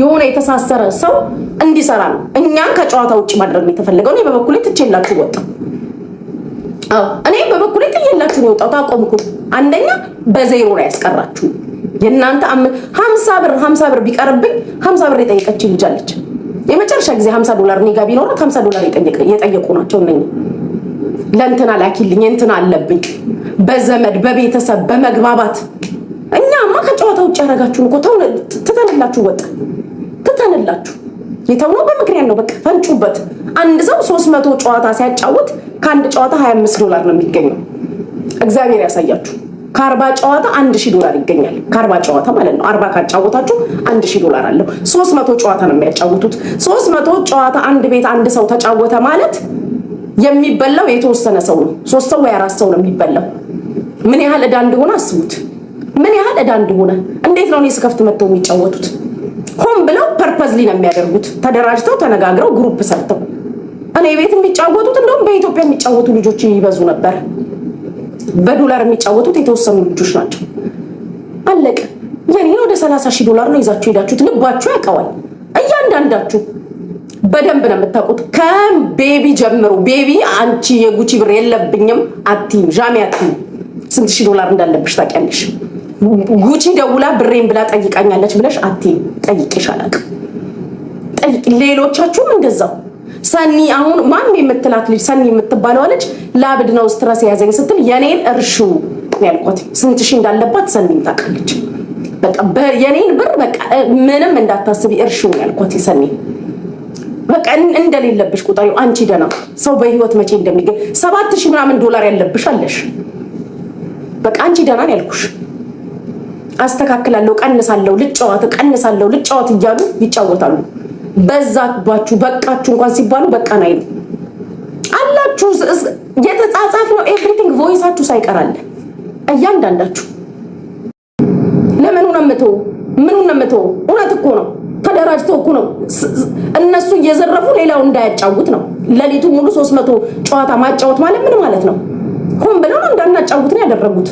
የሆነ የተሳሰረ ሰው እንዲሰራ ነው። እኛን ከጨዋታ ውጭ ማድረግ ነው የተፈለገው። እኔ በበኩሌ ትቼላችሁ ወጣ እኔ በበኩሌ ትዬላችሁ ነው የወጣሁት። አቆምኩት። አንደኛ በዜሮ ላይ ያስቀራችሁ የእናንተ ሀምሳ ብር ሀምሳ ብር ቢቀርብኝ ሀምሳ ብር የጠየቀች ልጅ አለች። የመጨረሻ ጊዜ ሀምሳ ዶላር እኔ ጋ ቢኖራት ሀምሳ ዶላር የጠየቁ ናቸው እነ ለእንትና ላኪልኝ እንትና አለብኝ በዘመድ በቤተሰብ በመግባባት እኛማ ከጨዋታ ውጭ ያደረጋችሁን እኮ ትተንላችሁ ወጣ ትተንላችሁ። የተውነው በምክንያት ነው። በቃ ፈንጩበት። አንድ ሰው ሶስት መቶ ጨዋታ ሲያጫውት ከአንድ ጨዋታ 25 ዶላር ነው የሚገኘው። እግዚአብሔር ያሳያችሁ። ከአርባ ጨዋታ አንድ ሺህ ዶላር ይገኛል። ከአርባ ጨዋታ ማለት ነው። አርባ ካጫወታችሁ አንድ ሺህ ዶላር አለው። ሶስት መቶ ጨዋታ ነው የሚያጫውቱት። ሶስት መቶ ጨዋታ አንድ ቤት አንድ ሰው ተጫወተ ማለት የሚበላው የተወሰነ ሰው ነው። ሶስት ሰው ወይ አራት ሰው ነው የሚበላው። ምን ያህል እዳ እንደሆነ አስቡት። ምን ያህል እዳ እንደሆነ እንዴት ነው እኔ ስከፍት መጥተው የሚጫወቱት? ሆን ብለው ፐርፐዝሊ ነው የሚያደርጉት። ተደራጅተው ተነጋግረው ግሩፕ ሰርተው እኔ ቤት የሚጫወቱት እንደውም በኢትዮጵያ የሚጫወቱ ልጆች ይበዙ ነበር። በዶላር የሚጫወቱት የተወሰኑ ልጆች ናቸው። አለቀ። የኔ ወደ 30 ሺህ ዶላር ነው ይዛችሁ ሄዳችሁት። ልባችሁ ያውቀዋል። እያንዳንዳችሁ በደንብ ነው የምታውቁት። ቤቢ ጀምሩ። ቤቢ አንቺ የጉቺ ብር የለብኝም አትይም፣ ዣሜ አትይም። ስንት ሺህ ዶላር እንዳለብሽ ታውቂያለሽ። ጉቺ ደውላ ብሬን ብላ ጠይቃኛለች ብለሽ አቴ ጠይቄሽ አላውቅም። ሌሎቻችሁም እንደዛው ሰኒ አሁን ማን የምትላት ልጅ ሰኒ የምትባለው ልጅ ላብድ ነው ስትረስ የያዘኝ ስትል የኔን እርሹ ያልኳት ስንት እንዳለባት ሰኒም ታውቃለች። የኔን ብር ምንም እንዳታስቢ እርሹ ያልኳት ሰኒ በቃ እንደሌለብሽ ቁጠሪ። አንቺ ደህና ሰው በህይወት መቼ እንደሚገኝ ሰባት ሺህ ምናምን ዶላር ያለብሽ አለሽ። በቃ አንቺ ደህና ያልኩሽ አስተካክላለሁ፣ ቀንሳለሁ፣ ልጫወት፣ ቀንሳለሁ፣ ልጫወት እያሉ ይጫወታሉ። በዛባችሁ፣ በቃችሁ እንኳን ሲባሉ በቃን አይሉ አላችሁ። የተጻጻፍ ነው ኤቭሪቲንግ ቮይሳችሁ ሳይቀራለ እያንዳንዳችሁ ለምን ነው መተው ምኑ ነው እውነት እኮ ነው። ተደራጅተው እኮ ነው እነሱ እየዘረፉ ሌላው እንዳያጫውት ነው። ሌሊቱ ሙሉ ሶስት መቶ ጨዋታ ማጫወት ማለት ምን ማለት ነው? ሆን ብለው ነው እንዳናጫውት ነው ያደረጉት፣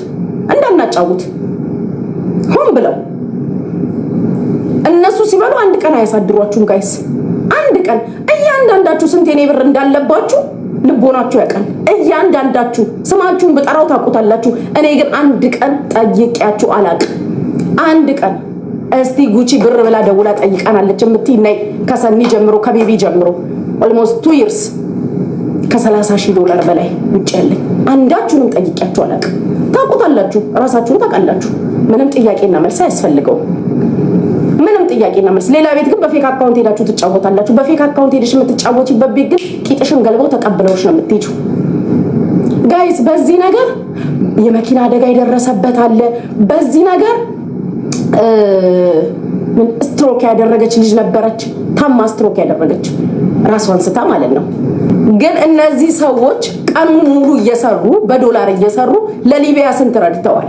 እንዳናጫውት ሆን ብለው እነሱ ሲበሉ አንድ ቀን አያሳድሯችሁም ጋይስ። አንድ ቀን እያንዳንዳችሁ ስንት የኔ ብር እንዳለባችሁ ልቦናችሁ ያውቃል። እያንዳንዳችሁ ስማችሁን ብጠራው ታውቁታላችሁ። እኔ ግን አንድ ቀን ጠይቂያችሁ አላቅ አንድ ቀን እስቲ ጉቺ ብር ብላ ደውላ ጠይቃናለች የምትይ ናይ ከሰኒ ጀምሮ ከቤቢ ጀምሮ ኦልሞስት ቱ ይርስ ከሰላሳ ሺህ ዶላር በላይ ውጭ ያለኝ አንዳችሁንም ጠይቂያችሁ አላቅ ታውቁታላችሁ፣ እራሳችሁን ታውቃላችሁ። ምንም ጥያቄና መልስ አያስፈልገው። ምንም ጥያቄና መልስ። ሌላ ቤት ግን በፌክ አካውንት ሄዳችሁ ትጫወታላችሁ። በፌክ አካውንት ሄደሽ የምትጫወችበት ቤት ግን ቂጥሽን ገልበው ተቀብለውሽ ነው የምትሄጂው። ጋይስ በዚህ ነገር የመኪና አደጋ የደረሰበት አለ። በዚህ ነገር ስትሮክ ያደረገች ልጅ ነበረች። ታማ ስትሮክ ያደረገች ራሷን ስታ ማለት ነው። ግን እነዚህ ሰዎች ቀኑን ሙሉ እየሰሩ በዶላር እየሰሩ ለሊቢያ ስንት ረድተዋል።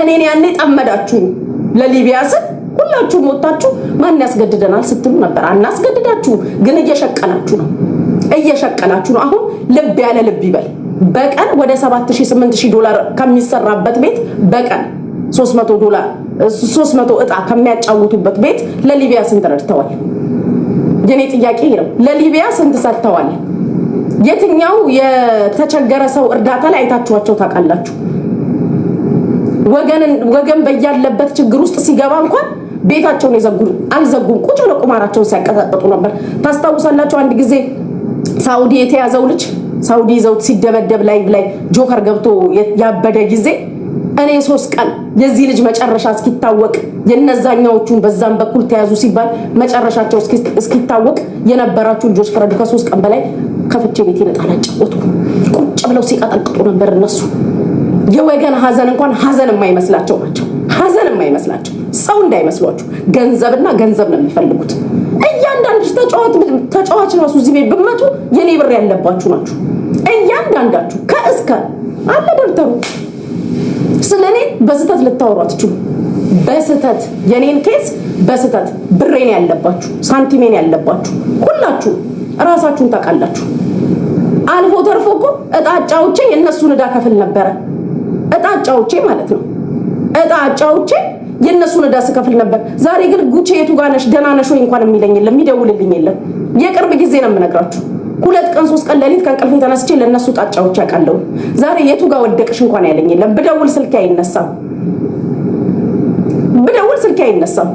እኔን ያኔ ጠመዳችሁ ለሊቢያ ስን ሁላችሁም ወጣችሁ ማን ያስገድደናል ስትሉ ነበር። አናስገድዳችሁ ግን እየሸቀናችሁ ነው፣ እየሸቀናችሁ ነው። አሁን ልብ ያለ ልብ ይበል። በቀን ወደ 7800 ዶላር ከሚሰራበት ቤት በቀን 300 ዶላር ሶስት መቶ እጣ ከሚያጫውቱበት ቤት ለሊቢያ ስንት ረድተዋል? የኔ ጥያቄ ነው። ለሊቢያ ስንት ሰጥተዋል? የትኛው የተቸገረ ሰው እርዳታ ላይ አይታችኋቸው ታውቃላችሁ? ወገን በያለበት ችግር ውስጥ ሲገባ እንኳን ቤታቸውን የዘጉ አልዘጉም። ቁጭ ብለው ቁማራቸውን ሲያቀጣጥጡ ነበር። ታስታውሳላችሁ? አንድ ጊዜ ሳውዲ የተያዘው ልጅ ሳውዲ ይዘውት ሲደበደብ ላይ ላይ ጆከር ገብቶ ያበደ ጊዜ እኔ ሶስት ቀን የዚህ ልጅ መጨረሻ እስኪታወቅ የነዛኛዎቹን በዛም በኩል ተያዙ ሲባል መጨረሻቸው እስኪታወቅ የነበራችሁ ልጆች ፍረዱ። ከሶስት ቀን በላይ ከፍቼ ቤት ይነጣል አጫወቱ። ቁጭ ብለው ሲቀጠቅጡ ነበር። እነሱ የወገን ሀዘን እንኳን ሀዘን የማይመስላቸው ናቸው። ሀዘን የማይመስላቸው ሰው እንዳይመስሏችሁ፣ ገንዘብና ገንዘብ ነው የሚፈልጉት። እያንዳንድ ተጫዋች ራሱ እዚህ ቤት ብመጡ የኔ ብር ያለባችሁ ናችሁ። እያንዳንዳችሁ ከእስከ አለ ደብተሩ ስለ እኔ በስህተት ልታወሩ በስህተት የኔን ኬስ በስህተት ብሬን ያለባችሁ ሳንቲሜን ያለባችሁ ሁላችሁ እራሳችሁን ታውቃላችሁ። አልፎ ተርፎ እኮ እጣጫዎቼ የእነሱን እዳ ከፍል ነበረ። እጣጫዎቼ ማለት ነው። እጣጫዎቼ የእነሱን ዕዳ ስከፍል ነበር። ዛሬ ግን ጉቼ የቱ ጋር ደህና ነሽ ወይ እንኳን የሚለኝ የለም፣ የሚደውልልኝ የለም። የቅርብ ጊዜ ነው የምነግራችሁ። ሁለት ቀን ሶስት ቀን ለሊት ከእንቅልፌ ተነስቼ ለእነሱ ጣጫዎች ያውቃለሁ። ዛሬ የቱ ጋር ወደቅሽ እንኳን ያለኝ የለም። ብደውል ስልኬ አይነሳም፣ ብደውል ስልክ አይነሳም።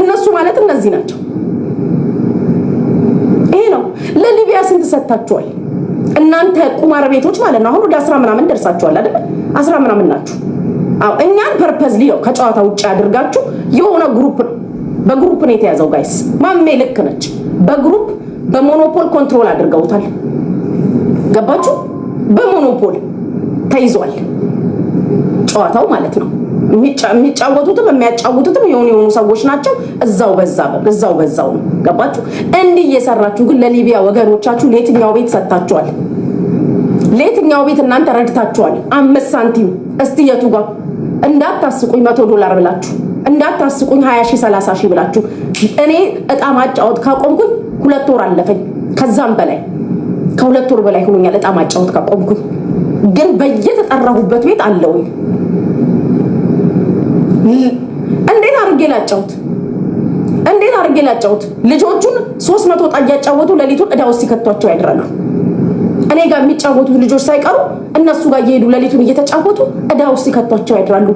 እነሱ ማለት እነዚህ ናቸው። ይሄ ነው ለሊቢያ ስንት ሰጥታችኋል እናንተ ቁማር ቤቶች ማለት ነው። አሁን ወደ አስራ ምናምን ደርሳችኋል አይደል? አስራ ምናምን ናችሁ። አዎ እኛን ፐርፐዝሊ ነው ከጨዋታ ውጭ አድርጋችሁ የሆነ ግሩፕ በግሩፕ ነው የተያዘው። ጋይስ ማሜ ልክ ነች። በግሩፕ በሞኖፖል ኮንትሮል አድርገውታል። ገባችሁ? በሞኖፖል ተይዟል ጨዋታው ማለት ነው። የሚጫወቱትም የሚያጫውቱትም የሆኑ የሆኑ ሰዎች ናቸው። እዛው በዛ እዛው በዛው ነው። ገባችሁ? እንዲህ እየሰራችሁ ግን ለሊቢያ ወገኖቻችሁ ለየትኛው ቤት ሰጥታችኋል? ለየትኛው ቤት እናንተ ረድታችኋል? አምስት ሳንቲም እስቲ የቱ ጋር እንዳታስቁኝ መቶ ዶላር ብላችሁ እንዳታስቁኝ ሀያ ሺህ ሰላሳ ሺህ ብላችሁ እኔ እጣ ማጫወት ካቆምኩኝ ሁለት ወር አለፈኝ፣ ከዛም በላይ ከሁለት ወር በላይ ሆኖኛል። እጣ ማጫወት ካቆምኩኝ ግን በየተጠራሁበት ቤት አለውኝ። እንዴት አድርጌ ላጫውት? እንዴት አድርጌ ላጫውት? ልጆቹን ሶስት መቶ እጣ እያጫወቱ ሌሊቱን እዳ ውስጥ ሲከቷቸው ያድራሉ። እኔ ጋር የሚጫወቱት ልጆች ሳይቀሩ እነሱ ጋር እየሄዱ ሌሊቱን እየተጫወቱ እዳ ውስጥ ሲከቷቸው ያድራሉ።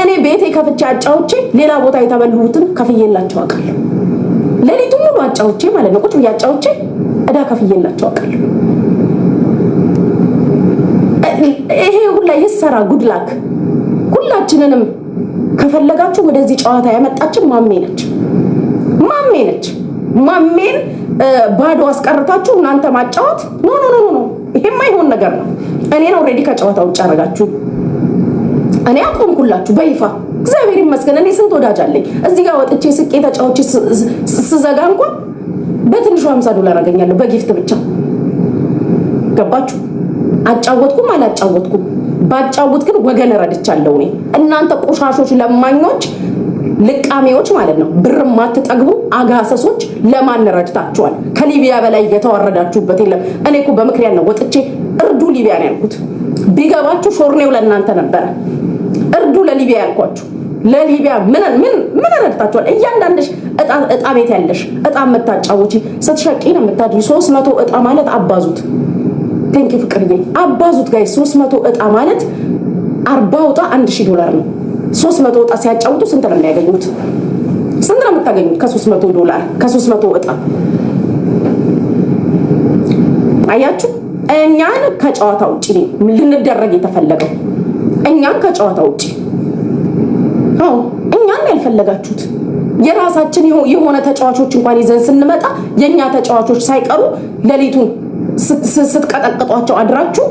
እኔ ቤቴ ከፍቼ አጫውቼ ሌላ ቦታ የተበሉትን ከፍዬላቸው አውቃለሁ። ሌሊቱን አጫውቼ ማለት ነው፣ ቁጭ ብዬ አጫውቼ እዳ ከፍዬላቸው አውቃለሁ። ይሄ ሁላ ይሰራ ጉድላክ። ሁላችንንም ከፈለጋችሁ ወደዚህ ጨዋታ ያመጣችን ማሜ ነች፣ ማሜ ነች። ማሜን ባዶ አስቀርታችሁ እናንተ ማጫወት ኖ ኖ ኖ ኖ፣ ይሄማ ይሆን ነገር ነው። እኔን ኦልሬዲ ከጨዋታ ውጭ አደረጋችሁ። እኔ አቆምኩላችሁ በይፋ እግዚአብሔር ይመስገን እኔ ስንት ወዳጅ አለኝ። እዚህ ጋር ወጥቼ ስቄ ተጫዎቼ ስዘጋ እንኳን በትንሹ 50 ዶላር አገኛለሁ በጊፍት ብቻ። ገባችሁ? አጫወትኩም አላጫወትኩም፣ ባጫወት ግን ወገን ረድቻለሁ። እኔ እናንተ ቆሻሾች፣ ለማኞች፣ ልቃሜዎች ማለት ነው። ብር ማትጠግቡ አጋሰሶች ለማን ረድታችኋል? ከሊቢያ በላይ የተዋረዳችሁበት የለም። እኔ እኮ በምክንያት ነው ወጥቼ እርዱ ሊቢያ ነው ያልኩት። ቢገባችሁ ሾርኔው ለእናንተ ነበረ። እርዱ ለሊቢያ ያልኳችሁ ለሊቢያ ምን ምን ምን ረድታችኋል? እያንዳንድሽ እጣ እጣ ቤት ያለሽ እጣ የምታጫውቺ ስትሸቂ ነው የምታድሪ። 300 እጣ ማለት አባዙት። ቴንኪ ፍቅርዬ፣ አባዙት ጋይ 300 እጣ ማለት 40 እጣ 1000 ዶላር ነው። 300 እጣ ሲያጫውቱ ስንት ነው የሚያገኙት? ስንት ነው የምታገኙት? ከ300 ዶላር ከ300 እጣ አያችሁ። እኛን ከጨዋታ ውጪ ልንደረግ የተፈለገው እኛን ከጨዋታ ውጪ አዎ እኛን ያልፈለጋችሁት የራሳችን የሆነ ተጫዋቾች እንኳን ይዘን ስንመጣ የእኛ ተጫዋቾች ሳይቀሩ ሌሊቱን ስትቀጠቅጧቸው አድራችሁ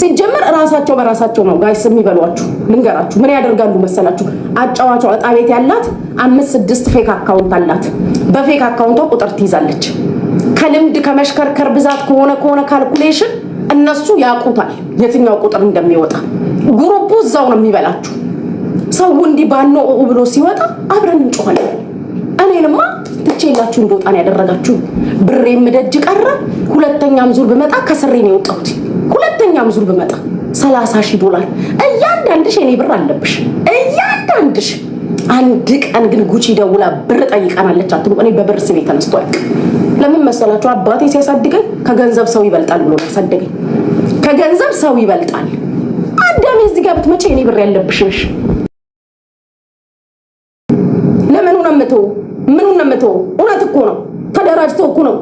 ሲጀመር እራሳቸው በራሳቸው ነው ጋይስ የሚበሏችሁ። ልንገራችሁ ምን ያደርጋሉ መሰላችሁ? አጫዋቿ እጣ ቤት ያላት አምስት ስድስት ፌክ አካውንት አላት። በፌክ አካውንቷ ቁጥር ትይዛለች። ከልምድ ከመሽከርከር ብዛት ከሆነ ከሆነ ካልኩሌሽን እነሱ ያውቁታል የትኛው ቁጥር እንደሚወጣ። ጉሩቡ እዛው ነው የሚበላችሁ። ሰው እንዲህ ባኖ ብሎ ሲወጣ አብረን እንጮኋለን። እኔንማ ትቼላችሁን ቦታ ያደረጋችሁ። ብሬም ደጅ ቀረ። ሁለተኛም ዙር ብመጣ ከስሬ ነው የወጣሁት። ሁለተኛም ዙር ብመጣ ሰላሳ ሺህ ዶላር እያንዳንድሽ የኔ ብር አለብሽ፣ እያንዳንድሽ። አንድ ቀን ግን ጉቺ ደውላ ብር ጠይቀናለች አትሉ። እኔ በብር ስሜ ተነስቶ ያቅ ለምን መሰላችሁ? አባቴ ሲያሳድገኝ ከገንዘብ ሰው ይበልጣል ብሎ ያሳደገኝ። ከገንዘብ ሰው ይበልጣል። አዳሜ እዚህ ጋር ብትመጪ የኔ ብር ያለብሽ ነሽ ነው የምትሆው? ምኑን ነው የምትሆው? እውነት እኮ ነው። ተደራጅተው እኮ ነው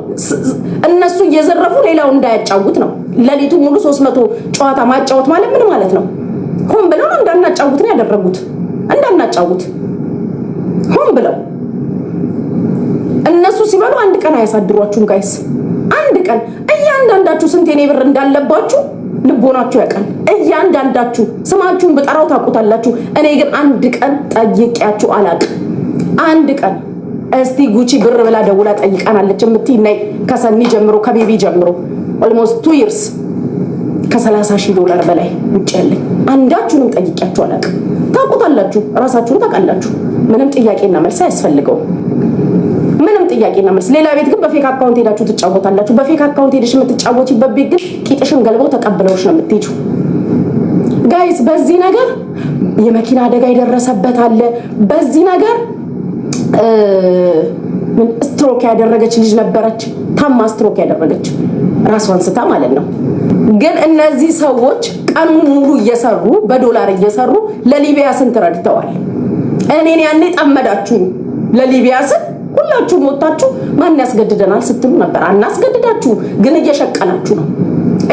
እነሱ እየዘረፉ ሌላው እንዳያጫውት ነው። ሌሊቱ ሙሉ 300 ጨዋታ ማጫወት ማለት ምን ማለት ነው? ሆን ብለው ነው እንዳናጫውት ነው ያደረጉት። እንዳናጫውት ሆን ብለው እነሱ ሲበሉ አንድ ቀን አያሳድሯችሁም ጋይስ። አንድ ቀን እያንዳንዳችሁ ስንት የኔ ብር እንዳለባችሁ ልቦናችሁ ያውቃል። እያንዳንዳችሁ ስማችሁን ብጠራው ታውቁታላችሁ። እኔ ግን አንድ ቀን ጠይቄያችሁ አላውቅም። አንድ ቀን እስቲ ጉቺ ብር ብላ ደውላ ጠይቃናለች የምትይ ናይ ከሰኒ ጀምሮ ከቤቢ ጀምሮ ኦልሞስት ቱ ይርስ ከ30 ሺህ ዶላር በላይ ውጭ ያለኝ አንዳችሁንም ጠይቂያችሁ አላውቅም። ታውቁታላችሁ፣ ራሳችሁን ታውቃላችሁ። ምንም ጥያቄና መልስ አያስፈልገውም። ምንም ጥያቄና መልስ። ሌላ ቤት ግን በፌክ አካውንት ሄዳችሁ ትጫወታላችሁ። በፌክ አካውንት ሄደሽ የምትጫወቺበት ቤት ግን ቂጥሽን ገልበው ተቀብለውሽ ነው የምትሄጂው። ጋይስ በዚህ ነገር የመኪና አደጋ የደረሰበት አለ። በዚህ ነገር ስትሮክ ያደረገች ልጅ ነበረች። ታማ ስትሮክ ያደረገች ራሷን ስታ ማለት ነው። ግን እነዚህ ሰዎች ቀኑን ሙሉ እየሰሩ በዶላር እየሰሩ ለሊቢያ ስንት ረድተዋል። እኔን ያኔ ጠመዳችሁ ለሊቢያ ስን ሁላችሁም ወጣችሁ ማን ያስገድደናል ስትሉ ነበር። አናስገድዳችሁ ግን እየሸቀናችሁ ነው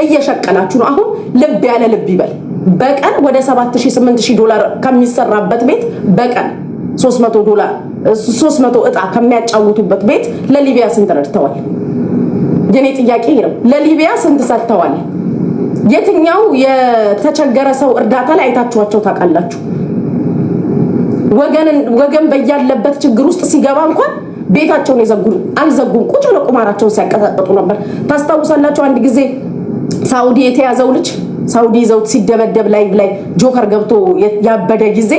እየሸቀናችሁ ነው። አሁን ልብ ያለ ልብ ይበል። በቀን ወደ 7800 ዶላር ከሚሰራበት ቤት በቀን 300 ዶላር ሶስት መቶ እጣ ከሚያጫውቱበት ቤት ለሊቢያ ስንት ረድተዋል? የኔ ጥያቄ ነው። ለሊቢያ ስንት ሰጥተዋል? የትኛው የተቸገረ ሰው እርዳታ ላይ አይታችኋቸው ታውቃላችሁ? ወገን በያለበት ችግር ውስጥ ሲገባ እንኳን ቤታቸውን የዘጉ አልዘጉም። ቁጭ ብለው ቁማራቸውን ሲያቀጣጥጡ ነበር። ታስታውሳላችሁ? አንድ ጊዜ ሳውዲ የተያዘው ልጅ ሳውዲ ይዘውት ሲደበደብ ላይ ላይ ጆከር ገብቶ ያበደ ጊዜ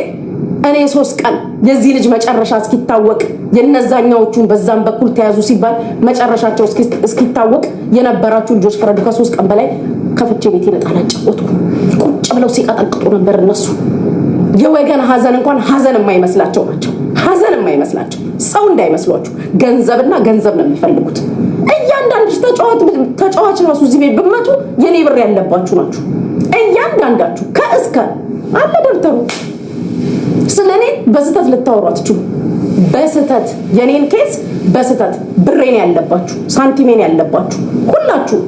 እኔ ሶስት ቀን የዚህ ልጅ መጨረሻ እስኪታወቅ የነዛኛዎቹን በዛም በኩል ተያዙ ሲባል መጨረሻቸው እስኪታወቅ የነበራችሁ ልጆች ፍረዱ። ከሶስት ቀን በላይ ከፍቼ ቤት ይነጣል አጫወቱ። ቁጭ ብለው ሲቀጠቅጡ ነበር። እነሱ የወገን ሀዘን እንኳን ሀዘን የማይመስላቸው ናቸው። ሀዘን የማይመስላቸው ሰው እንዳይመስሏችሁ፣ ገንዘብና ገንዘብ ነው የሚፈልጉት። እያንዳንድ ተጫዋች ራሱ እዚህ ቤት ብመጡ የኔ ብር ያለባችሁ ናችሁ። እያንዳንዳችሁ ከእስከ አለ ደብተሩ ስለ እኔ በስህተት በስተት በስህተት የኔን ኬስ በስህተት ብሬን ያለባችሁ ሳንቲሜን ያለባችሁ ሁላችሁ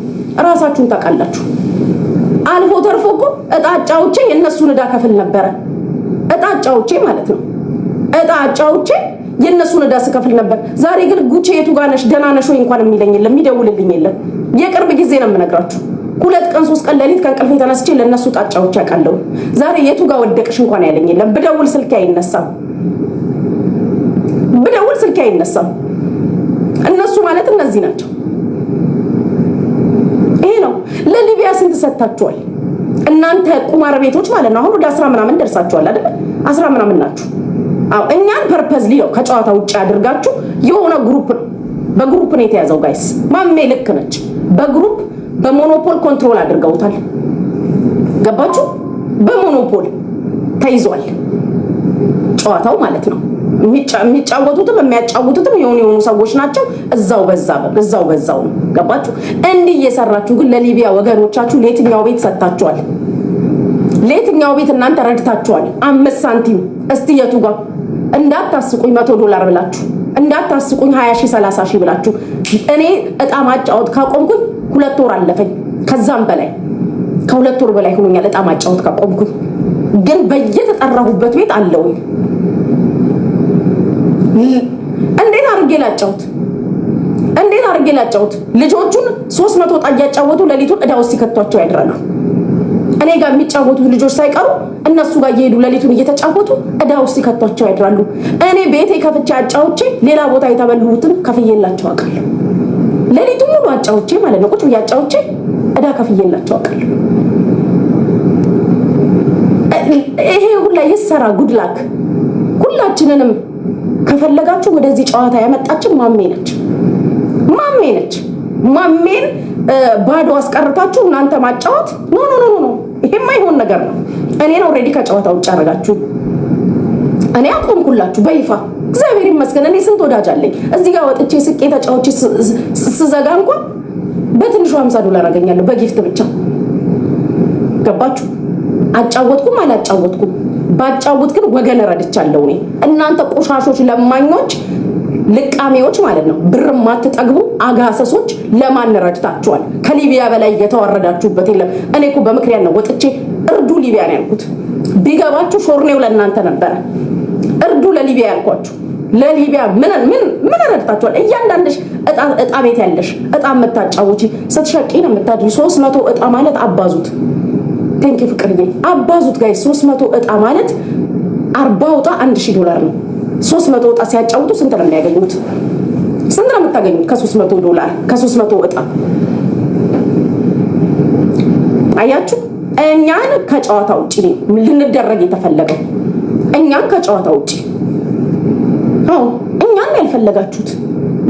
እራሳችሁን ታውቃላችሁ። አልፎ ተርፎ እኮ እጣጫዎቼ የእነሱን እዳ ከፍል ነበረ። እጣጫዎቼ ማለት ነው። እጣጫዎቼ የእነሱን እዳ ስከፍል ነበር። ዛሬ ግን ጉቼ የቱ ጋር ደህና ነሽ ወይ እንኳን የሚለኝ የለም፣ የሚደውልልኝ የለም። የቅርብ ጊዜ ነው የምነግራችሁ። ሁለት ቀን ሶስት ቀን ለሊት ከእንቅልፌ ተነስቼ ለእነሱ ጣጫዎች ያውቃለሁ። ዛሬ የቱ ጋር ወደቅሽ እንኳን ያለኝ የለም። ብደውል ስልኬ አይነሳም፣ ብደውል ስልኬ አይነሳም። እነሱ ማለት እነዚህ ናቸው። ይሄ ነው ለሊቢያ ስንት ሰጥታችኋል እናንተ ቁማር ቤቶች ማለት ነው። አሁን ወደ አስራ ምናምን ደርሳችኋል አይደል? አስራ ምናምን ናችሁ። አዎ እኛን ፐርፐዝሊ ነው ከጨዋታ ውጭ አድርጋችሁ የሆነ ግሩፕ በግሩፕ ነው የተያዘው። ጋይስ ማሜ ልክ ነች። በግሩፕ በሞኖፖል ኮንትሮል አድርገውታል። ገባችሁ? በሞኖፖል ተይዟል ጨዋታው ማለት ነው። የሚጫወቱትም የሚያጫወቱትም የሆኑ የሆኑ ሰዎች ናቸው። እዛው በዛ እዛው በዛው ነው። ገባችሁ? እንዲህ እየሰራችሁ ግን ለሊቢያ ወገኖቻችሁ ለየትኛው ቤት ሰጥታችኋል? ለየትኛው ቤት እናንተ ረድታችኋል? አምስት ሳንቲም እስቲ የቱ ጋር እንዳታስቁኝ መቶ ዶላር ብላችሁ እንዳታስቁኝ ሀያ ሺህ ሰላሳ ሺህ ብላችሁ እኔ እጣ ማጫወት ካቆምኩኝ ሁለት ወር አለፈኝ፣ ከዛም በላይ ከሁለት ወር በላይ ሆኖኛል። እጣ ማጫወት ከቆምኩኝ ግን በየተጠራሁበት ቤት አለውኝ። እንዴት አድርጌ ላጫውት? እንዴት አድርጌ ላጫውት? ልጆቹን ሶስት መቶ እጣ እያጫወቱ ሌሊቱን እዳ ውስጥ ሲከቷቸው ያድራሉ። እኔ ጋር የሚጫወቱት ልጆች ሳይቀሩ እነሱ ጋር እየሄዱ ሌሊቱን እየተጫወቱ እዳ ውስጥ ሲከቷቸው ያድራሉ። እኔ ቤቴ ከፍቼ አጫውቼ ሌላ ቦታ የተበሉትን ከፍዬላቸው አውቃለሁ። ሌሊቱን አጫውቼ ማለት ነው፣ ቁጭ ብዬ አጫውቼ እዳ ከፍዬላቸው አውቃለሁ። ይሄ ሁላ ይሰራ ጉድላክ። ሁላችንንም ከፈለጋችሁ ወደዚህ ጨዋታ ያመጣችን ማሜ ነች፣ ማሜ ነች። ማሜን ባዶ አስቀርታችሁ እናንተ ማጫወት ኖ ኖ ኖ ኖ፣ ይሄማ ይሆን ነገር ነው። እኔን ኦልሬዲ ከጨዋታ ውጭ አደረጋችሁ። እኔ አቆምኩላችሁ በይፋ እግዚአብሔር ይመስገን እኔ ስንት ወዳጅ አለኝ። እዚህ ጋር ወጥቼ ስቄ ተጫዎቼ ስዘጋ እንኳን በትንሹ 50 ዶላር አገኛለሁ በጊፍት ብቻ። ገባችሁ? አጫወትኩም አላጫወትኩም ባጫውት ግን ወገን ረድቻለሁ። እኔ እናንተ ቆሻሾች፣ ለማኞች፣ ልቃሜዎች ማለት ነው ብር ማትጠግቡ አጋሰሶች ለማን ረድታችኋል? ከሊቢያ በላይ የተዋረዳችሁበት የለም። እኔ እኮ በምክንያት ነው ወጥቼ እርዱ ሊቢያ ነው ያልኩት። ቢገባችሁ ሾርኔው ለእናንተ ነበረ። እርዱ ለሊቢያ ያልኳችሁ ለሊቢያ ምን ምን ረድታችኋል? እያንዳንድሽ እጣ ቤት ያለሽ እጣ የምታጫውቺ ስትሸቂ ነው የምታድሪ። ሶስት መቶ እጣ ማለት አባዙት ቴንኪ ፍቅርዬ፣ አባዙት ጋይ ሶስት መቶ እጣ ማለት አርባ እጣ አንድ ሺህ ዶላር ነው። ሶስት መቶ እጣ ሲያጫውቱ ስንት ነው የሚያገኙት? ስንት ነው የምታገኙት? ከሶስት መቶ ዶላር ከሶስት መቶ እጣ አያችሁ። እኛን ከጨዋታ ውጭ ልንደረግ የተፈለገው እኛን ከጨዋታ ውጭ አዎ እኛን ያልፈለጋችሁት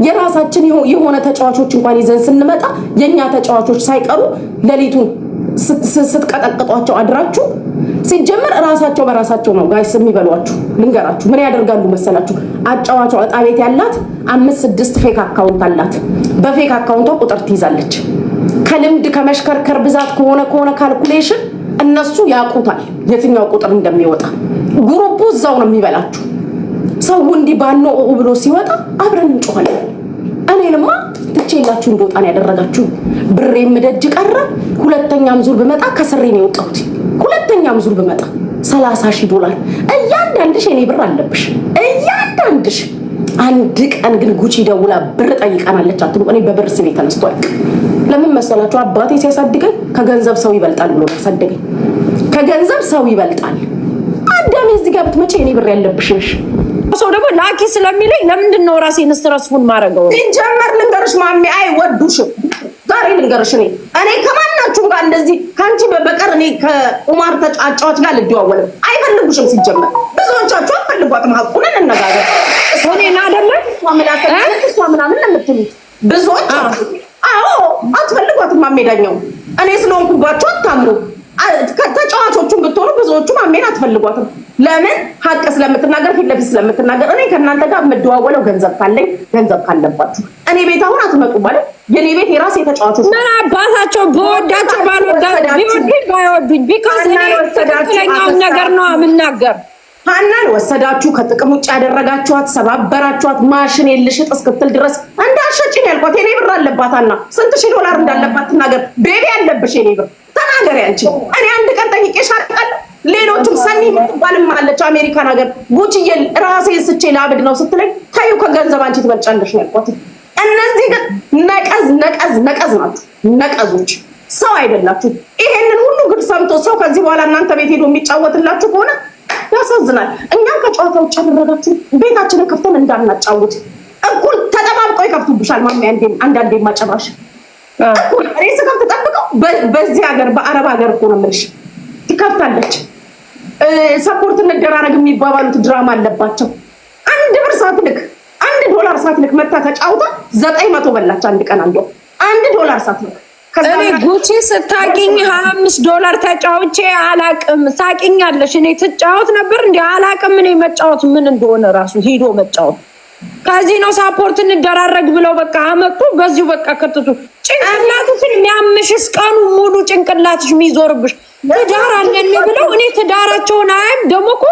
የራሳችን የሆነ ተጫዋቾች እንኳን ይዘን ስንመጣ የእኛ ተጫዋቾች ሳይቀሩ ሌሊቱን ስትቀጠቅጧቸው አድራችሁ ሲጀመር እራሳቸው በራሳቸው ነው ጋይስ የሚበሏችሁ። ልንገራችሁ ምን ያደርጋሉ መሰላችሁ? አጫዋቿ እጣ ቤት ያላት አምስት ስድስት ፌክ አካውንት አላት። በፌክ አካውንቷ ቁጥር ትይዛለች። ከልምድ ከመሽከርከር ብዛት ከሆነ ከሆነ ካልኩሌሽን እነሱ ያውቁታል የትኛው ቁጥር እንደሚወጣ። ግሩፑ እዛው ነው የሚበላችሁ። ሰው እንዲህ ባኖ ብሎ ሲወጣ አብረን እንጮኋለን። እኔንማ ትቼላችሁ እንደወጣን ያደረጋችሁ ብሬ ደጅ ቀረ። ሁለተኛም ዙር ብመጣ ከስሬ ነው የወጣሁት። ሁለተኛም ዙር ብመጣ ሰላሳ ሺህ ዶላር እያንዳንድሽ የኔ ብር አለብሽ እያንዳንድሽ። አንድ ቀን ግን ጉቺ ደውላ ብር ጠይቃናለች አትሉ። እኔ በብር ስሜ ተነስቶ ለምን መሰላችሁ? አባቴ ሲያሳድገኝ ከገንዘብ ሰው ይበልጣል ብሎ ያሳደገኝ። ከገንዘብ ሰው ይበልጣል። አዳሜ እዚህ ጋር ብትመጪ የኔ ብር ያለብሽ ነሽ ሰው ደግሞ ላኪ ስለሚለኝ ለምንድን ነው ራሴን ስትረስፉን ማድረገው? ሲጀመር ልንገርሽ ማሚ አይወዱሽም። ዛሬ ልንገርሽ እኔ እኔ ከማናችሁም ጋር እንደዚህ ከአንቺ በበቀር እኔ ከኡማር ተጫጫዎች ጋር ልደዋወልም። አይፈልጉሽም። ሲጀመር ብዙዎቻችሁ አፈልጓትም። ሀቁንን እነጋገር ሆኔን አደለም እሷ ምናምን የምትሉት ብዙዎች አዎ፣ አትፈልጓትም። ማሜዳኛው እኔ ስለሆንኩባቸው አታምሩ። ተጫዋቾቹን ብትሆኑ ብዙዎቹ ማሜን አትፈልጓትም። ለምን ሀቅ ስለምትናገር ፊት ለፊት ስለምትናገር። እኔ ከእናንተ ጋር የምደዋወለው ገንዘብ ካለኝ ገንዘብ ካለባችሁ እኔ ቤት አሁን አትመጡ ማለት የኔ ቤት የራስ የተጫዋቾች ምን አባታቸው በወዳቸው ባልወዳቸው ባይወዱኝ ቢካዝ ትክክለኛውን ነገር ነው የምናገር። ሀናን ወሰዳችሁ፣ ከጥቅም ውጭ ያደረጋችኋት፣ ሰባበራችኋት። ማሽን የልሽጥ እስክትል ድረስ እንዳሸጭን ያልኳት የኔ ብር አለባታና ስንት ሺ ዶላር እንዳለባት ትናገር። ቤቢ ያለብሽ የኔ ብር ተናገር። ያንቺ እኔ አንድ ቀን ጠይቄ አውቃለሁ ሌሎችም ሰኒ ባልም አለች አሜሪካን ሀገር ጉቺዬ ራሴ ስቼ ላብድ ነው ስትለኝ ታዩ ከገንዘብ አንቺ ትበልጫለሽ ነው ያልኳት። እነዚህ ግን ነቀዝ ነቀዝ ነቀዝ ናችሁ፣ ነቀዞች ሰው አይደላችሁ። ይሄንን ሁሉ ግን ሰምቶ ሰው ከዚህ በኋላ እናንተ ቤት ሄዶ የሚጫወትላችሁ ከሆነ ያሳዝናል። እኛም ከጨዋታ ውጭ ያደረጋችሁ ቤታችንን ከፍተን እንዳናጫውት እኩል ተጠባብቆ ይከፍቱብሻል። ማሚ አንዳንዴ ማጨራሽ እኩል ሬስ ከፍት ጠብቀው በዚህ ሀገር በአረብ ሀገር እኮ ነው የምልሽ ትከፍታለች። ሰፖርት እንደራረግ የሚባባሉት ድራማ አለባቸው። አንድ ብር ሳትልክ አንድ ዶላር ሳትልክ መታ ተጫውታ ዘጠኝ መቶ በላች። አንድ ቀን አንዱ አንድ ዶላር ሳትልክ እኔ ጉቺ ስታቂኝ ሀያ አምስት ዶላር ተጫውቼ አላቅም። ሳቂኛለሽ። እኔ ትጫወት ነበር እንዲ አላቅም። እኔ መጫወት ምን እንደሆነ ራሱ ሄዶ መጫወት ከዚህ ነው ሳፖርት እንደራረግ ብለው በቃ አመጡ። በዚሁ በቃ ከትቱ ጭንቅላትሽን የሚያምሽስ ቀኑ ሙሉ ጭንቅላትሽ የሚዞርብሽ ትዳር አለን ብለው እኔ ትዳራቸውን አያም ደግሞ እኮ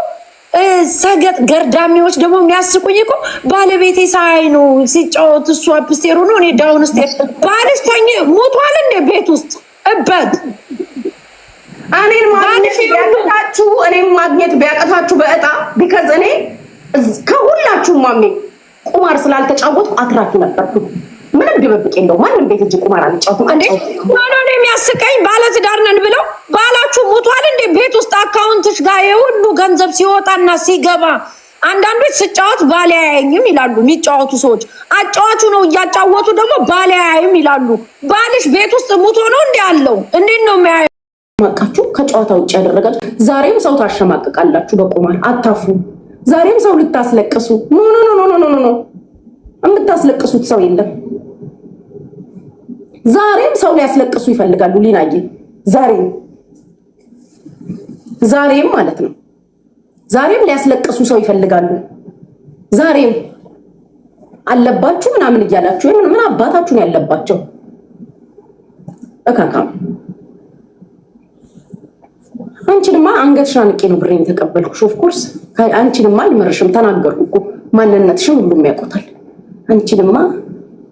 ሰገጥ ገርዳሚዎች ደግሞ የሚያስቁኝ እኮ ባለቤቴ ሳይ ነው ሲጫወት እሱ አፕስቴሩ ነው እኔ ዳውን ስቴ ባልሽ ተኝ ሞቷል እንደ ቤት ውስጥ እበት እኔን ማግኘት ቢያቀታችሁ እኔን ማግኘት ቢያቀታችሁ በእጣ ቢከዝ እኔ ከሁላችሁም ማሜ ቁማር ስላልተጫወትኩ አትራፊ ነበርኩ። ድብብቅ የለውም። ማንም ቤት እጅ ቁማር አልጫወትም። ሆኖ የሚያስቀኝ ባለትዳር ነን ብለው ባላችሁ ሙቷል እንዴ? ቤት ውስጥ አካውንትሽ ጋር የሁሉ ገንዘብ ሲወጣና ሲገባ አንዳንዶች ስጫወት ባሌ አያይኝም ይላሉ። የሚጫወቱ ሰዎች አጫዋቹ ነው እያጫወቱ ደግሞ ባሌ አያይም ይላሉ። ባልሽ ቤት ውስጥ ሙቶ ነው እንዲ አለው። እንዴት ነው የሚያ ማቃችሁ ከጨዋታ ውጭ ያደረጋችሁ። ዛሬም ሰው ታሸማቅቃላችሁ በቁማር አታፉ። ዛሬም ሰው ልታስለቅሱ ኖ ኖ ኖ ኖ ኖ ኖ የምታስለቅሱት ሰው የለም። ዛሬም ሰው ሊያስለቅሱ ይፈልጋሉ። ሊናዬ ዛሬም ዛሬም ማለት ነው ዛሬም ሊያስለቅሱ ሰው ይፈልጋሉ። ዛሬም አለባችሁ ምናምን እያላችሁ ምን አባታችሁ ነው ያለባቸው? እካካም አንቺንማ አንገትሽን አንቄ ነው ብሬን የተቀበልኩሽ። ኦፍኮርስ አንቺንማ አልመርሽም፣ ተናገርኩ እኮ ማንነትሽን ሁሉም ያውቁታል። አንቺንማ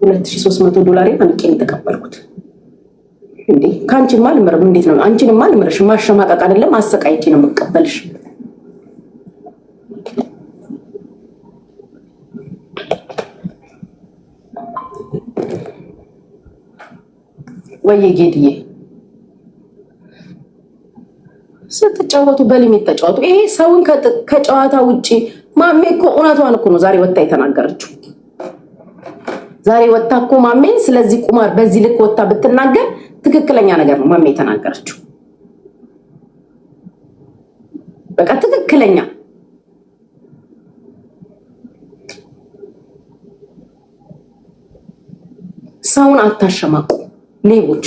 2300 ዶላር አንቄ የተቀበልኩት። እንዴ ከአንቺን ማልምርም እንዴት ነው? አንቺን ማልምርሽ ማሸማቀቅ አይደለም አሰቃይቼ ነው የምቀበልሽ። ወይ ጌድዬ ስትጫወቱ በሊሚት ተጫወቱ። ይሄ ሰውን ከጨዋታ ውጭ ማሜ እኮ እውነቷን እኮ ነው ዛሬ ወታ የተናገረችው። ዛሬ ወታ እኮ ማሜ ስለዚህ ቁማር በዚህ ልክ ወጣ ብትናገር ትክክለኛ ነገር ነው ማሜ የተናገረችው። በቃ ትክክለኛ ሰውን አታሸማቁ ሌቦች።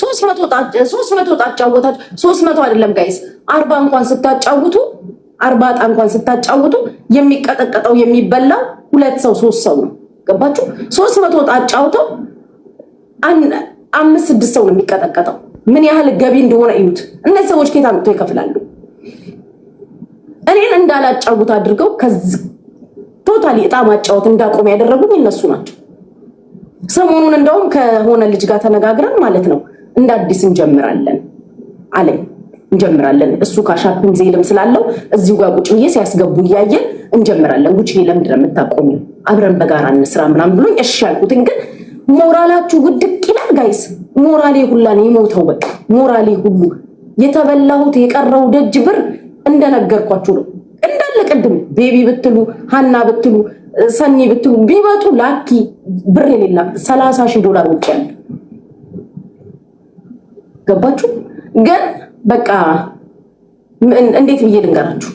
ሶስት መቶ ታጫወታችሁ። ሶስት መቶ አይደለም ጋይስ፣ አርባ እንኳን ስታጫውቱ አርባ ዕጣ እንኳን ስታጫውቱ የሚቀጠቀጠው የሚበላው ሁለት ሰው ሶስት ሰው ነው። ገባችሁ? ሶስት መቶ ወጣ ጫውተው አምስት ስድስት ሰው ነው የሚቀጠቀጠው። ምን ያህል ገቢ እንደሆነ እዩት። እነዚህ ሰዎች ኬታ አምጥተው ይከፍላሉ? እኔን እንዳላጫውት አድርገው ከዚ ቶታሊ እጣ ማጫወት እንዳቆም ያደረጉኝ እነሱ ናቸው። ሰሞኑን እንደውም ከሆነ ልጅ ጋር ተነጋግረን ማለት ነው እንደ አዲስ እንጀምራለን አለኝ። እንጀምራለን እሱ ካሻፕን ዜልም ስላለው እዚሁ ጋር ቁጭ ብዬ ሲያስገቡ እያየን እንጀምራለን። ጉጭ ለምንድን ነው የምታቆሚው? አብረን በጋራ እንስራ ምናምን ብሎኝ እሺ ያልኩትን ግን ሞራላችሁ ውድቅ ይላል ጋይስ። ሞራሌ ሁላ ነው የሞተው። በቃ ሞራሌ ሁሉ የተበላሁት የቀረው ደጅ ብር እንደነገርኳችሁ ነው እንዳለ ቅድም ቤቢ ብትሉ ሀና ብትሉ ሰኒ ብትሉ ቢመጡ ላኪ ብር የሌላ ሰላሳ ሺህ ዶላር ውጭ ያለ ገባችሁ። ግን በቃ እንዴት ብዬ ልንገራችሁ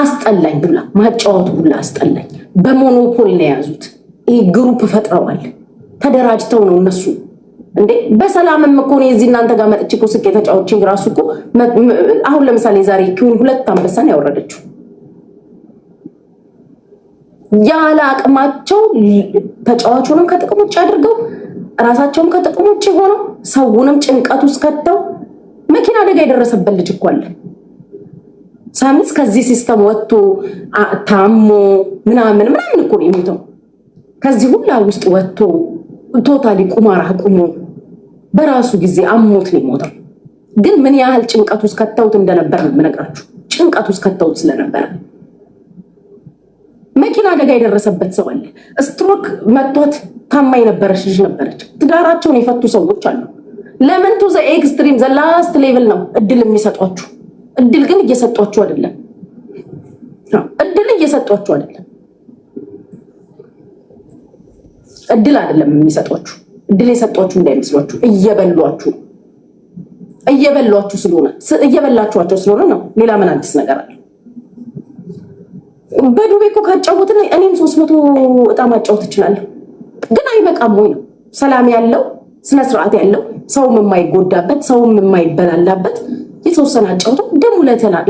አስጠላኝ ብላ ማጫወቱ ብላ አስጠላኝ። በሞኖፖል ነው የያዙት። ይህ ግሩፕ ፈጥረዋል፣ ተደራጅተው ነው እነሱ እንዴ በሰላምም እኮ እኔ እዚህ እናንተ ጋር መጥቼ እኮ ስቄ ራሱ እኮ አሁን ለምሳሌ ዛሬ ኪሁን ሁለት አንበሳን ያወረደችው ያለ አቅማቸው ተጫዋቹንም ከጥቅም ውጭ አድርገው ራሳቸውም ከጥቅም ውጭ ሆነው ሰውንም ጭንቀት ውስጥ ከተው መኪና አደጋ የደረሰበት ልጅ እኮ አለ። ሳሚስ ከዚህ ሲስተም ወጥቶ ታሞ ምናምን ምናምን እኮ ነው የሚሞተው። ከዚህ ሁላ ውስጥ ወጥቶ ቶታሊ ቁማር አቁሞ በራሱ ጊዜ አሞት ነው የሞተው። ግን ምን ያህል ጭንቀት ውስጥ ከተውት እንደነበር ነው የምነግራችሁ። ጭንቀት ውስጥ ከተውት ስለነበረ መኪና አደጋ የደረሰበት ሰው አለ። ስትሮክ መቷት ታማ የነበረች ልጅ ነበረች። ትዳራቸውን የፈቱ ሰዎች አሉ። ለምን ቱ ዘ ኤክስትሪም ዘ ላስት ሌቭል ነው እድል የሚሰጧችሁ። እድል ግን እየሰጧችሁ አይደለም። እድል እየሰጧችሁ አይደለም። እድል አይደለም የሚሰጧችሁ። እድል የሰጧችሁ እንዳይመስሏችሁ፣ እየበሏችሁ እየበሏችሁ ስለሆነ እየበላችኋቸው ስለሆነ ነው። ሌላ ምን አዲስ ነገር አለ? በዱቤ እኮ ካጫወትን እኔም ሶስት መቶ እጣ ማጫወት እችላለሁ። ግን አይበቃም ወይ ነው? ሰላም ያለው ስነስርዓት ያለው ሰውም የማይጎዳበት ሰውም የማይበላላበት የተወሰነ አጫውተው ደግሞ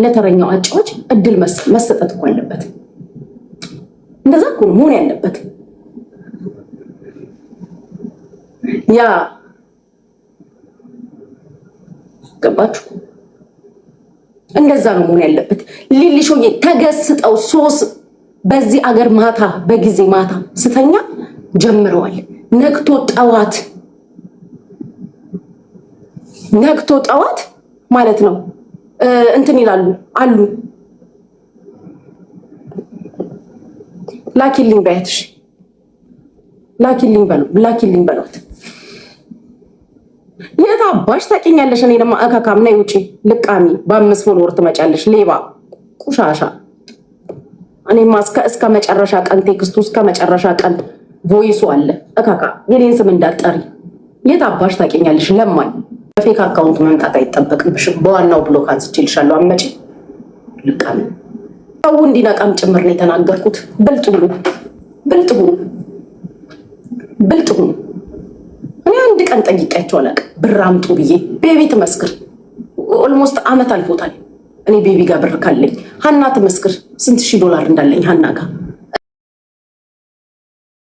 ለተረኛው አጫዎች እድል መሰጠት እኮ አለበት። እንደዛ እኮ ነው መሆን ያለበት። ያ ገባችሁ? እንደዛ ነው መሆን ያለበት። ሊሊሾዬ ተገስጠው ሶስ በዚህ አገር ማታ በጊዜ ማታ ስተኛ ጀምረዋል። ነግቶ ጠዋት ነግቶ ጠዋት ማለት ነው እንትን ይላሉ አሉ። ላኪልኝ በያትሽ ላኪልኝ በለው ላኪልኝ በሏት። የት አባሽ ታውቂኛለሽ? እኔ ደማ አካካም ነይ ውጪ ልቃሚ በአምስት ፎሎወር ትመጫለሽ። ሌባ ቁሻሻ። እኔማ እስከ መጨረሻ ቀን ቴክስቱ እስከ መጨረሻ ቀን ቮይሱ አለ። እከካ የኔን ስም እንዳትጠሪ። የት አባሽ ታውቂኛለሽ? ለማኝ በፌክ አካውንት መምጣት አይጠበቅብሽም። በዋናው ብሎክ አንስቼልሻለሁ። አመጪ ልቀም ሰው እንዲነቃም ጭምር ነው የተናገርኩት። ብልጥ ሁኑ፣ ብልጥ ሁኑ፣ ብልጥ ሁኑ። እኔ አንድ ቀን ጠይቄያቸው አላውቅም ብር አምጡ ብዬ። ቤቢ ትመስክር፣ ኦልሞስት አመት አልፎታል። እኔ ቤቢ ጋር ብር ካለኝ ሀና ትመስክር ስንት ሺህ ዶላር እንዳለኝ ሀና ጋር